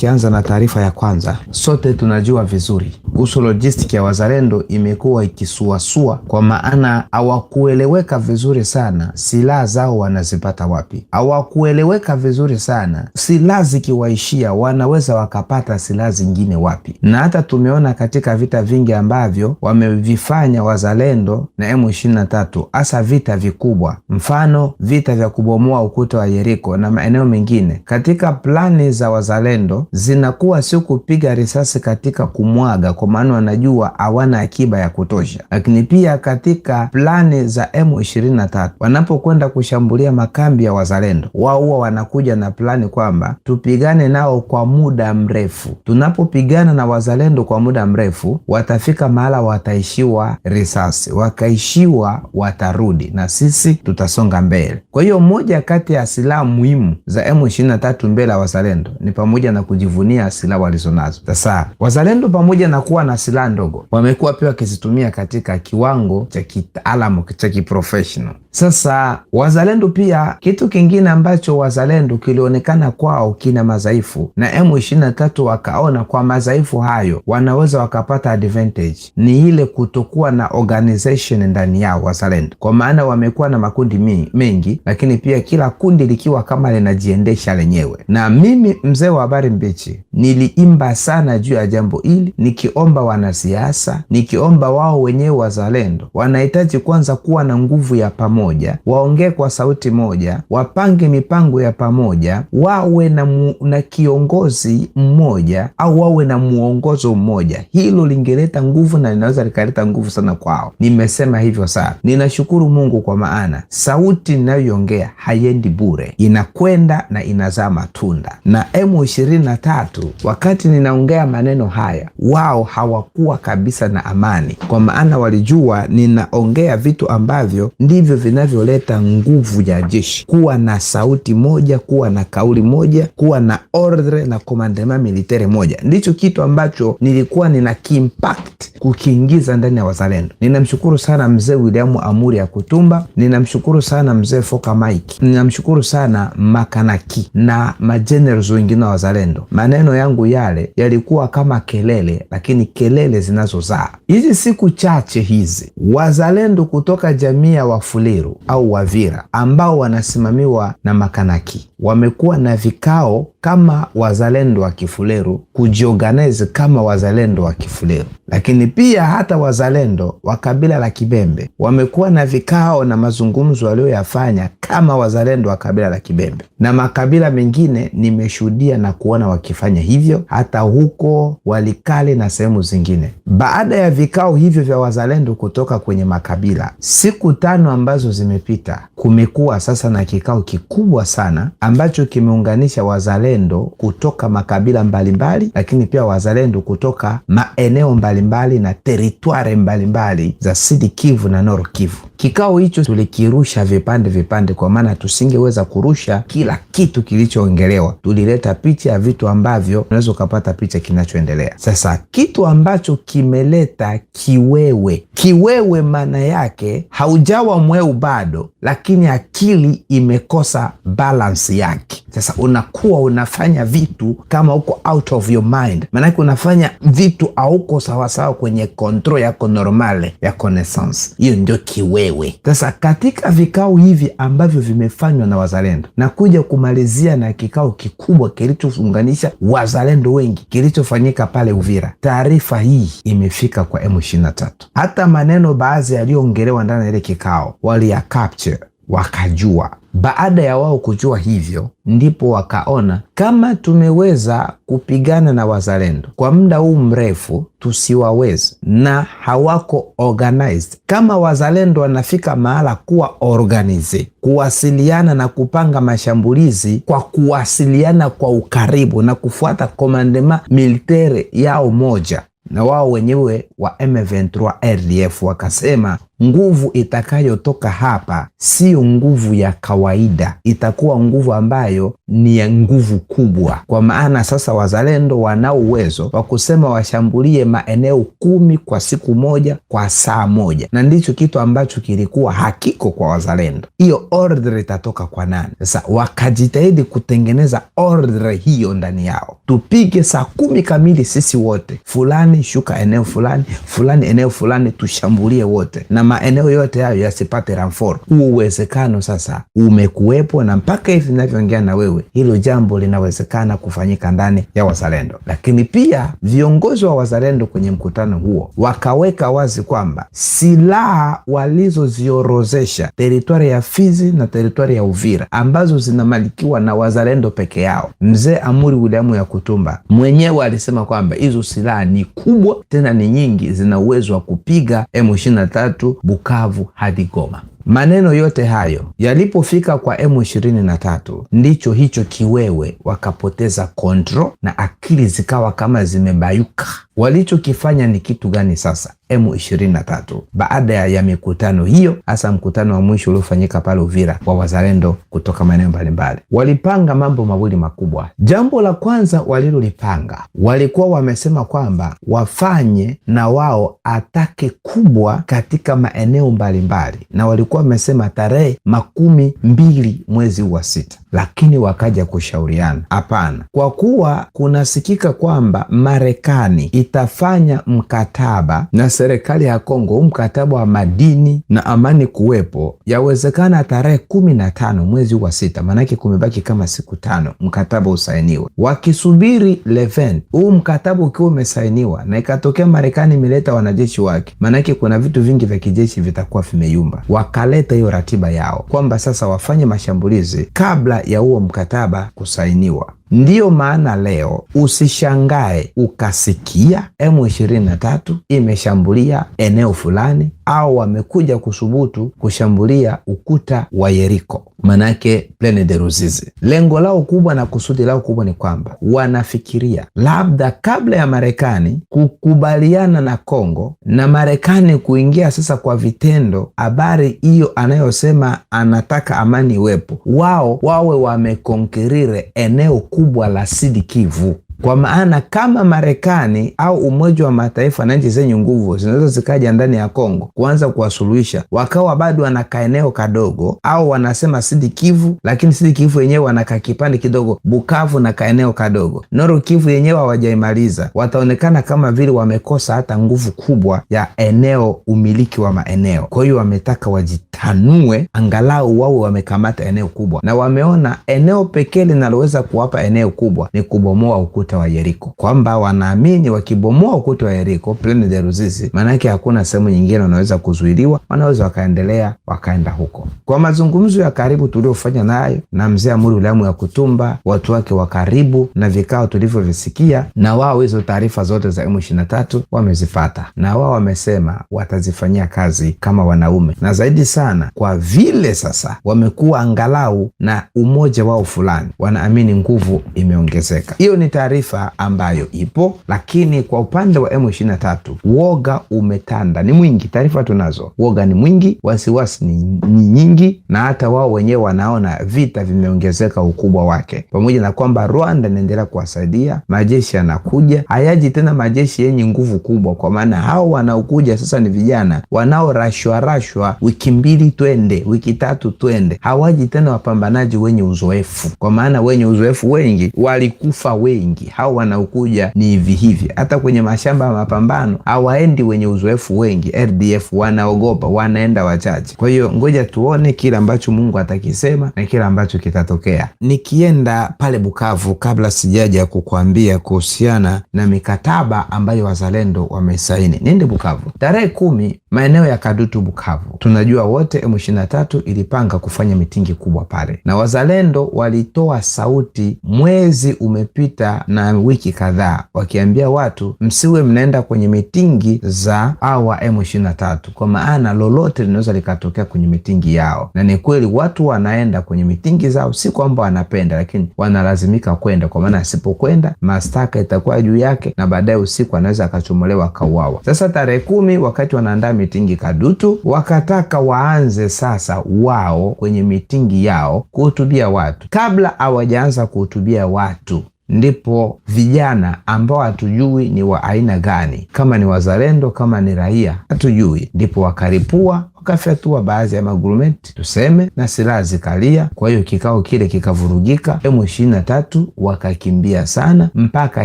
Kianza na taarifa ya kwanza, sote tunajua vizuri kuhusu lojistiki ya wazalendo imekuwa ikisuasua, kwa maana hawakueleweka vizuri sana silaha zao wanazipata wapi, hawakueleweka vizuri sana silaha zikiwaishia wanaweza wakapata silaha zingine wapi. Na hata tumeona katika vita vingi ambavyo wamevifanya wazalendo na M23, hasa vita vikubwa, mfano vita vya kubomoa ukuta wa Yeriko na maeneo mengine, katika plani za wazalendo zinakuwa sio kupiga risasi katika kumwaga, kwa maana wanajua hawana akiba ya kutosha. Lakini pia katika plani za M23 wanapokwenda kushambulia makambi ya wazalendo, wao huwa wanakuja na plani kwamba tupigane nao kwa muda mrefu. Tunapopigana na wazalendo kwa muda mrefu, watafika mahala wataishiwa risasi, wakaishiwa watarudi, na sisi tutasonga mbele. Kwa hiyo moja kati ya silaha muhimu za M23 mbele ya wazalendo ni pamoja na kujivunia silaha walizonazo. Sasa wazalendo, pamoja na kuwa na silaha ndogo, wamekuwa pia wakizitumia katika kiwango cha kitaalamu cha kiprofessional. Sasa wazalendo pia, kitu kingine ambacho wazalendo kilionekana kwao kina madhaifu na M23 wakaona kwa madhaifu hayo wanaweza wakapata advantage, ni ile kutokuwa na organization ndani yao wazalendo, kwa maana wamekuwa na makundi mengi, lakini pia kila kundi likiwa kama linajiendesha lenyewe. Na mimi mzee wa habari mbichi niliimba sana juu ya jambo hili, nikiomba wanasiasa, nikiomba wao wenyewe wazalendo wanahitaji kwanza kuwa na nguvu ya pamoja moja, waongee kwa sauti moja, wapange mipango ya pamoja, wawe na, mu, na kiongozi mmoja au wawe na mwongozo mmoja. Hilo lingeleta nguvu na linaweza likaleta nguvu sana kwao. Nimesema hivyo sana. Ninashukuru Mungu kwa maana sauti ninayoiongea haiendi bure, inakwenda na inazaa matunda. Na M23 wakati ninaongea maneno haya, wao hawakuwa kabisa na amani, kwa maana walijua ninaongea vitu ambavyo ndivyo vinavyoleta nguvu ya jeshi, kuwa na sauti moja, kuwa na kauli moja, kuwa na ordre na komandema militere moja, ndicho kitu ambacho nilikuwa nina kimpact kukiingiza ndani ya wazalendo. Ninamshukuru sana mzee William Amuri ya Kutumba, ninamshukuru sana mzee Foka Mike, ninamshukuru sana Makanaki na majenerals wengine wa wazalendo. Maneno yangu yale yalikuwa kama kelele, lakini kelele zinazozaa. Hizi siku chache hizi wazalendo kutoka jamii ya Wafuliru au Wavira ambao wanasimamiwa na Makanaki wamekuwa na vikao kama wazalendo wa Kifuleru, kujiorganize kama wazalendo wa Kifuleru. Lakini pia hata wazalendo wa kabila la Kibembe wamekuwa na vikao na mazungumzo walioyafanya kama wazalendo wa kabila la Kibembe, na makabila mengine nimeshuhudia na kuona wakifanya hivyo, hata huko Walikale na sehemu zingine. Baada ya vikao hivyo vya wazalendo kutoka kwenye makabila, siku tano ambazo zimepita, kumekuwa sasa na kikao kikubwa sana ambacho kimeunganisha wazalendo wazalendo kutoka makabila mbalimbali mbali, lakini pia wazalendo kutoka maeneo mbalimbali mbali na teritware mbalimbali za Sidi Kivu na Nord Kivu. Kikao hicho tulikirusha vipande vipande, kwa maana tusingeweza kurusha kila kitu kilichoongelewa. Tulileta picha ya vitu ambavyo unaweza ukapata picha kinachoendelea sasa. Kitu ambacho kimeleta kiwewe, kiwewe maana yake haujawa mweu bado, lakini akili imekosa balansi yake. Sasa unakuwa una unafanya vitu kama uko out of your mind, maanake unafanya vitu auko sawasawa kwenye kontrol yako normale ya connaissance. Hiyo ndio kiwewe. Sasa katika vikao hivi ambavyo vimefanywa na wazalendo na kuja kumalizia na kikao kikubwa kilichounganisha wazalendo wengi kilichofanyika pale Uvira, taarifa hii imefika kwa M23. Hata maneno baadhi yaliyoongelewa ndani ya ile kikao waliya capture wakajua. Baada ya wao kujua hivyo, ndipo wakaona kama tumeweza kupigana na wazalendo kwa muda huu mrefu, tusiwaweze. Na hawako organized kama wazalendo. Wanafika mahala kuwa organize, kuwasiliana na kupanga mashambulizi kwa kuwasiliana kwa ukaribu na kufuata komandema militere yao moja na wao wenyewe wa M23 RDF wakasema Nguvu itakayotoka hapa siyo nguvu ya kawaida, itakuwa nguvu ambayo ni ya nguvu kubwa, kwa maana sasa wazalendo wanao uwezo wa kusema washambulie maeneo kumi kwa siku moja, kwa saa moja, na ndicho kitu ambacho kilikuwa hakiko kwa wazalendo. Hiyo ordre itatoka kwa nani? Sasa wakajitahidi kutengeneza ordre hiyo ndani yao, tupige saa kumi kamili sisi wote, fulani shuka eneo fulani, fulani eneo fulani, tushambulie wote na maeneo yote hayo yasipate ramfor. Huo uwezekano sasa umekuwepo, na mpaka hivi ninavyoongea na wewe, hilo jambo linawezekana kufanyika ndani ya wazalendo. Lakini pia viongozi wa wazalendo kwenye mkutano huo wakaweka wazi kwamba silaha walizoziorozesha teritwari ya Fizi na teritwari ya Uvira ambazo zinamalikiwa na wazalendo peke yao, mzee Amuri Williamu ya Kutumba mwenyewe alisema kwamba hizo silaha ni kubwa tena ni nyingi, zina uwezo wa kupiga M23 Bukavu hadi Goma. Maneno yote hayo yalipofika kwa M23 ndicho hicho kiwewe, wakapoteza kontro na akili zikawa kama zimebayuka. Walichokifanya ni kitu gani sasa? M23 baada ya mikutano hiyo, hasa mkutano wa mwisho uliofanyika pale Uvira wa wazalendo kutoka maeneo mbalimbali, walipanga mambo mawili makubwa. Jambo la kwanza walilolipanga, walikuwa wamesema kwamba wafanye na wao atake kubwa katika maeneo mbalimbali, na walikuwa walikuwa wamesema tarehe makumi mbili mwezi wa sita, lakini wakaja kushauriana, hapana, kwa kuwa kunasikika kwamba Marekani itafanya mkataba na serikali ya Kongo, mkataba wa madini na amani kuwepo, yawezekana tarehe kumi na tano mwezi wa sita, maanake kumebaki kama siku tano mkataba usainiwe. Wakisubiri leven huu mkataba ukiwa umesainiwa na ikatokea Marekani imeleta wanajeshi wake, maanake kuna vitu vingi vya kijeshi vitakuwa vimeyumba waka aleta hiyo ratiba yao kwamba sasa wafanye mashambulizi kabla ya huo mkataba kusainiwa. Ndiyo maana leo usishangae ukasikia M23 imeshambulia eneo fulani au wamekuja kusubutu kushambulia ukuta wa Yeriko, manake Plene de Ruzizi. Lengo lao kubwa na kusudi lao kubwa ni kwamba wanafikiria labda kabla ya Marekani kukubaliana na Kongo na Marekani kuingia sasa kwa vitendo, habari hiyo anayosema anataka amani iwepo, wao wawe wamekonkerire eneo kubwa la sidi Kivu. Kwa maana kama Marekani au Umoja wa Mataifa na nchi zenye nguvu zinaweza zikaja ndani ya Kongo kuanza kuwasuluhisha, wakawa bado wanakaa eneo kadogo, au wanasema Sidi Kivu, lakini Sidi Kivu yenyewe wanakaa kipande kidogo, Bukavu na kaeneo kadogo, Noro Kivu yenyewe hawajaimaliza, wataonekana kama vile wamekosa hata nguvu kubwa ya eneo, umiliki wa maeneo. Kwa hiyo wametaka wajitanue, angalau wawe wamekamata eneo kubwa, na wameona eneo pekee linaloweza kuwapa eneo kubwa ni kubomoa ukuta ukuta wa Yeriko, kwamba wanaamini wakibomoa ukuta wa Yeriko, plain de Ruzizi, maanake hakuna sehemu nyingine wanaweza kuzuiliwa, wanaweza wakaendelea wakaenda huko. Kwa mazungumzo ya karibu tuliofanya naye na mzee Amuri Ulamu ya Kutumba, watu wake wa karibu na vikao tulivyovisikia, na wao hizo taarifa zote za M23 wamezifata, na wao wamesema watazifanyia kazi kama wanaume, na zaidi sana kwa vile sasa wamekuwa angalau na umoja wao fulani, wanaamini nguvu imeongezeka. Hiyo ni taarifa taarifa ambayo ipo, lakini kwa upande wa M23 woga umetanda, ni mwingi, taarifa tunazo, woga ni mwingi, wasiwasi ni, ni nyingi, na hata wao wenyewe wanaona vita vimeongezeka ukubwa wake, pamoja na kwamba Rwanda inaendelea kuwasaidia, majeshi yanakuja, hayaji tena majeshi yenye nguvu kubwa, kwa maana hao wanaokuja sasa ni vijana wanaorashwa rashwa, wiki mbili twende, wiki tatu twende, hawaji tena wapambanaji wenye uzoefu, kwa maana wenye uzoefu wengi walikufa wengi wengi au wanaokuja ni hivi hivi. Hata kwenye mashamba ya mapambano hawaendi wenye uzoefu wengi, RDF wanaogopa, wanaenda wachache. Kwa hiyo ngoja tuone kile ambacho Mungu atakisema na kile ambacho kitatokea. Nikienda pale Bukavu, kabla sijaja kukuambia kuhusiana na mikataba ambayo wazalendo wamesaini, niende Bukavu tarehe kumi, maeneo ya Kadutu Bukavu. Tunajua wote M23 ilipanga kufanya mitingi kubwa pale, na wazalendo walitoa sauti, mwezi umepita na wiki kadhaa, wakiambia watu msiwe mnaenda kwenye mitingi za awa M23 kwa maana lolote linaweza likatokea kwenye mitingi yao. Na ni kweli watu wanaenda kwenye mitingi zao, si kwamba wanapenda, lakini wanalazimika kwenda, kwa maana asipokwenda mastaka itakuwa juu yake, na baadaye usiku anaweza akachomolewa akauawa. Sasa tarehe kumi, wakati wanaandaa mitingi Kadutu, wakataka waanze sasa wao kwenye mitingi yao kuhutubia watu. Kabla hawajaanza kuhutubia watu, ndipo vijana ambao hatujui ni wa aina gani, kama ni wazalendo, kama ni raia, hatujui, ndipo wakaripua tukafyatua baadhi ya magurumeti tuseme, na silaha zikalia. Kwa hiyo kikao kile kikavurugika, emu ishirini na tatu wakakimbia sana, mpaka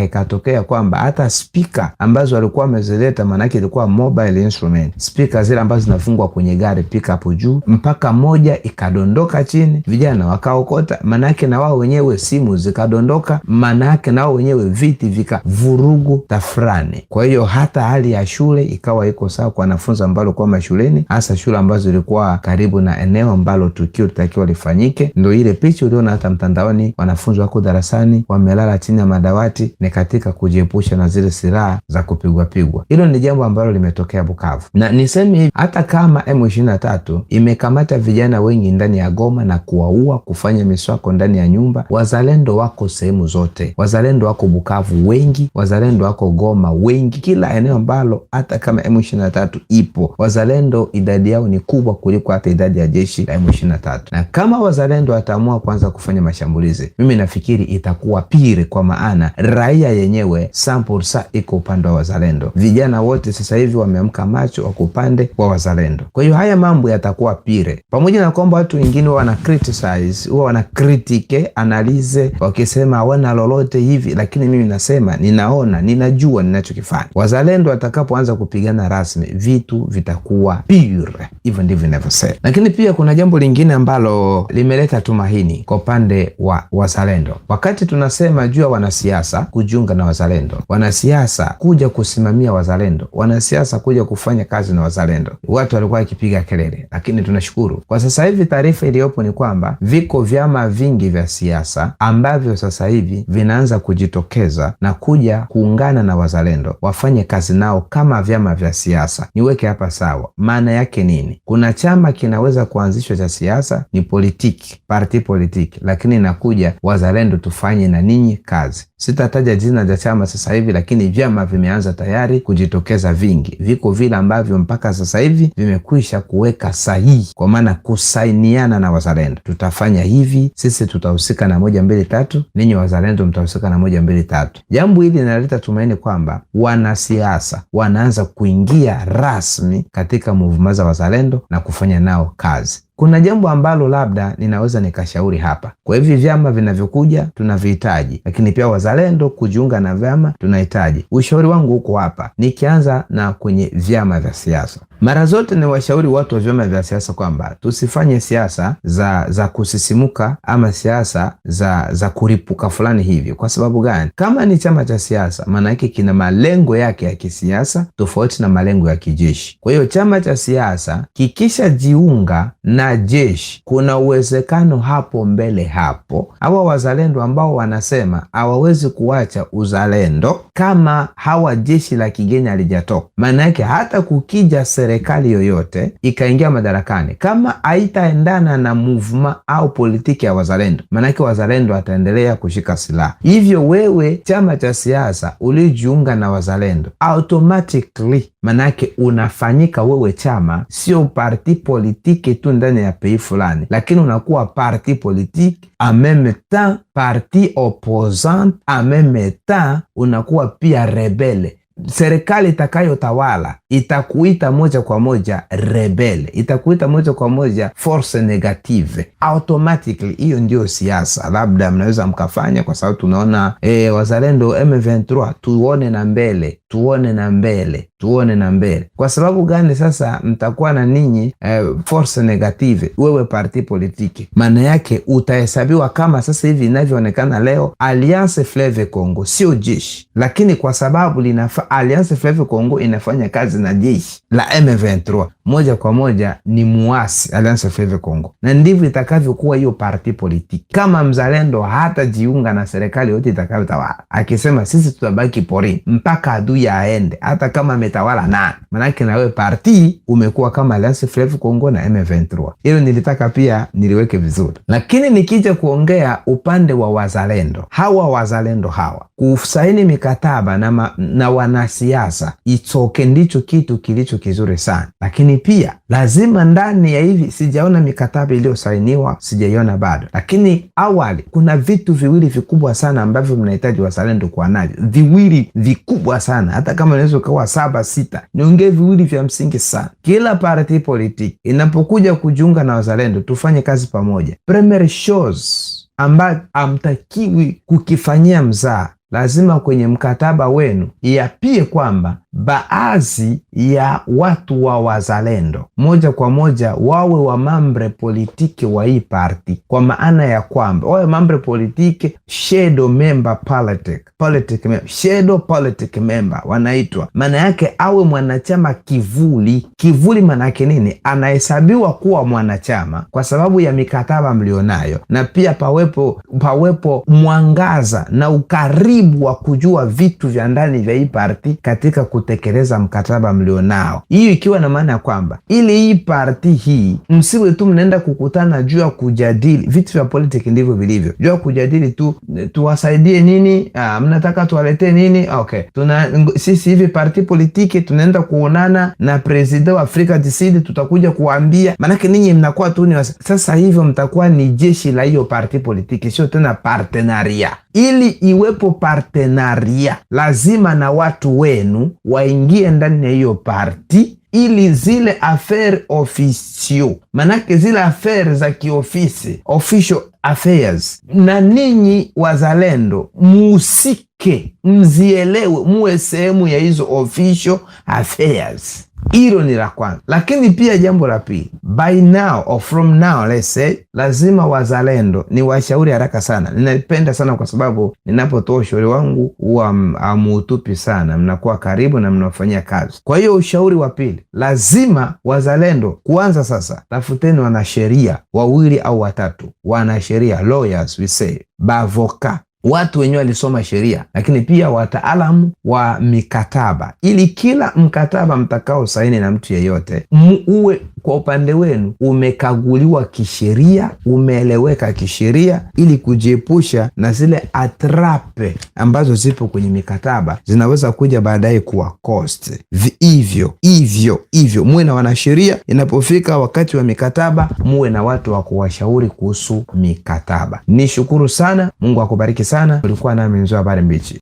ikatokea kwamba hata spika ambazo walikuwa wamezileta, maanake ilikuwa mobile instrument spika zile ambazo zinafungwa kwenye gari pikapu juu, mpaka moja ikadondoka chini, vijana wakaokota, maanake na wao wenyewe simu zikadondoka, maanake na wao wenyewe viti vikavurugu tafrani. Kwa hiyo hata hali ya shule ikawa iko sawa kwa wanafunzi ambao walikuwa mashuleni hasa shule shule ambazo zilikuwa karibu na eneo ambalo tukio litakiwa lifanyike. Ndio ile picha uliona hata mtandaoni, wanafunzi wako darasani wamelala chini ya madawati, ni katika kujiepusha na zile silaha za kupigwa pigwa. Hilo ni jambo ambalo limetokea Bukavu, na niseme hivi, hata kama M23 imekamata vijana wengi ndani ya Goma na kuwaua, kufanya miswako ndani ya nyumba, wazalendo wako sehemu zote, wazalendo wako Bukavu wengi, wazalendo wako Goma wengi, kila eneo ambalo hata kama M23 ipo wazalendo idadi yao yao ni kubwa kuliko hata idadi ya jeshi la M23, na kama wazalendo wataamua kuanza kufanya mashambulizi, mimi nafikiri itakuwa pire, kwa maana raia yenyewe sample iko upande wa wazalendo. Vijana wote sasa hivi wameamka macho, wako upande wa wazalendo. Kwa hiyo haya mambo yatakuwa pire, pamoja na kwamba watu wengine wana criticize, huwa wana critique analize, wakisema hawana lolote hivi, lakini mimi nasema ninaona, ninajua ninachokifanya. Wazalendo watakapoanza kupigana rasmi, vitu vitakuwa pire bure. Hivyo ndivyo inavyosema. Lakini pia kuna jambo lingine ambalo limeleta tumaini kwa upande wa wazalendo. Wakati tunasema juu ya wanasiasa kujiunga na wazalendo, wanasiasa kuja kusimamia wazalendo, wanasiasa kuja kufanya kazi na wazalendo, watu walikuwa wakipiga kelele, lakini tunashukuru kwa sasa hivi taarifa iliyopo ni kwamba viko vyama vingi vya siasa ambavyo sasa hivi vinaanza kujitokeza na kuja kuungana na wazalendo wafanye kazi nao kama vyama vya siasa. Niweke hapa sawa, maana yake ni nini? Kuna chama kinaweza kuanzishwa cha siasa, ni politiki, parti politiki, lakini inakuja wazalendo tufanye na ninyi kazi. Sitataja jina za chama sasa hivi, lakini vyama vimeanza tayari kujitokeza vingi. Viko vile ambavyo mpaka sasa hivi vimekwisha kuweka sahihi, kwa maana kusainiana na wazalendo, tutafanya hivi, sisi tutahusika na moja mbili tatu, ninyi wazalendo mtahusika na moja mbili tatu. Jambo hili linaleta tumaini kwamba wanasiasa wanaanza kuingia rasmi katika muvuma za wazalendo wazalendo na kufanya nao kazi. Kuna jambo ambalo labda ninaweza nikashauri hapa. Kwa hivi vyama vinavyokuja tunavihitaji, lakini pia wazalendo kujiunga na vyama tunahitaji. Ushauri wangu uko hapa, nikianza na kwenye vyama vya siasa. Mara zote ni washauri watu wa vyama vya siasa kwamba tusifanye siasa za za kusisimuka ama siasa za za kuripuka fulani hivyo. Kwa sababu gani? Kama ni chama cha siasa, maana yake kina malengo yake ya kisiasa tofauti na malengo ya kijeshi. Kwa hiyo chama cha siasa kikishajiunga na jeshi, kuna uwezekano hapo mbele hapo hawa wazalendo ambao wanasema hawawezi kuacha uzalendo kama hawa jeshi la kigeni alijatoka, maana yake hata kukija sere serikali yoyote ikaingia madarakani kama haitaendana na muvuma au politiki ya wazalendo, maanake wazalendo wataendelea kushika silaha. Hivyo wewe chama cha siasa ulijiunga na wazalendo, automatically maanake unafanyika wewe chama, sio parti politiki tu ndani ya pei fulani, lakini unakuwa parti politiki en meme temps parti opposante en meme temps unakuwa pia rebele serikali itakayotawala itakuita moja kwa moja rebele, itakuita moja kwa moja force negative automatically. Hiyo ndio siasa, labda mnaweza mkafanya kwa sababu tunaona e, wazalendo M23, tuone na mbele, tuone na mbele tuone na mbele. Kwa sababu gani sasa mtakuwa na ninyi eh, force negative, wewe parti politiki, maana yake utahesabiwa kama sasa hivi inavyoonekana leo Alliance Fleuve Congo sio jeshi, lakini kwa sababu linafa, Alliance Fleuve Congo inafanya kazi na jeshi la M23 moja kwa moja ni muasi Alliance Fleuve Congo, na ndivyo itakavyokuwa hiyo parti politiki. Kama mzalendo hatajiunga na serikali yote itakayotawala, akisema sisi tutabaki porini mpaka adui aende, hata kama tawala nane, manake na wewe parti umekuwa kama Alliance Fleuve Congo na M23. Hilo nilitaka pia niliweke vizuri, lakini nikija kuongea upande wa wazalendo hawa wazalendo hawa kusaini mikataba na, ma, na wanasiasa itoke ndicho kitu kilicho kizuri sana, lakini pia lazima ndani ya hivi, sijaona mikataba iliyosainiwa sijaiona bado, lakini awali kuna vitu viwili vikubwa sana ambavyo mnahitaji wazalendo kuwa navyo, viwili vikubwa sana hata kama unaweza ukawa saba wa sita, niongee viwili vya msingi sana. Kila parti politiki inapokuja kujiunga na wazalendo, tufanye kazi pamoja. Primary shows ambayo hamtakiwi kukifanyia mzaa lazima kwenye mkataba wenu iapie kwamba baadhi ya watu wa wazalendo moja kwa moja wawe wa mambre politike wa hii parti, kwa maana ya kwamba wawe mambre politike shadow member politic, politic member, shadow politic member wanaitwa. Maana yake awe mwanachama kivuli. Kivuli maana yake nini? Anahesabiwa kuwa mwanachama kwa sababu ya mikataba mlionayo, na pia pawepo, pawepo mwangaza na ukaribu wa kujua vitu vya ndani vya hii parti katika kutekeleza mkataba mlionao, hiyo ikiwa na maana ya kwamba ili hii parti hii msiwe tu mnaenda kukutana juu ya kujadili vitu vya politiki, ndivyo vilivyo, juu ya kujadili tu, tuwasaidie nini? ah, mnataka tuwaletee nini? Ah, okay, tuna sisi hivi parti politiki tunaenda kuonana na president wa Afrika Kusini, tutakuja kuambia. Maanake ninyi mnakuwa tu ni sasa hivyo, mtakuwa ni jeshi la hiyo parti politiki, sio tena partenaria. Ili iwepo partenaria, lazima na watu wenu waingie ndani ya hiyo parti ili zile affaire officio manake zile affaire za kiofisi official affairs, na ninyi wazalendo muhusike, mzielewe, muwe sehemu ya hizo official affairs. Hilo ni la kwanza, lakini pia jambo la pili, by now or from now let's say, lazima wazalendo ni washauri haraka sana. Ninapenda sana kwa sababu ninapotoa ushauri wangu huwa amuutupi ah, sana, mnakuwa karibu na mnafanyia kazi. Kwa hiyo ushauri wa pili, lazima wazalendo kuanza sasa, tafuteni wanasheria wawili au watatu, wanasheria lawyers we say bavoka watu wenyewe walisoma sheria, lakini pia wataalamu wa mikataba, ili kila mkataba mtakao saini na mtu yeyote muwe kwa upande wenu umekaguliwa kisheria, umeeleweka kisheria, ili kujiepusha na zile atrape ambazo zipo kwenye mikataba zinaweza kuja baadaye kuwa cost. Hivyo hivyo hivyo, muwe na wanasheria inapofika wakati wa mikataba, muwe na watu wa kuwashauri kuhusu mikataba. Ni shukuru sana, Mungu akubariki sana. Ulikuwa nami Nzoia Habari Mbichi.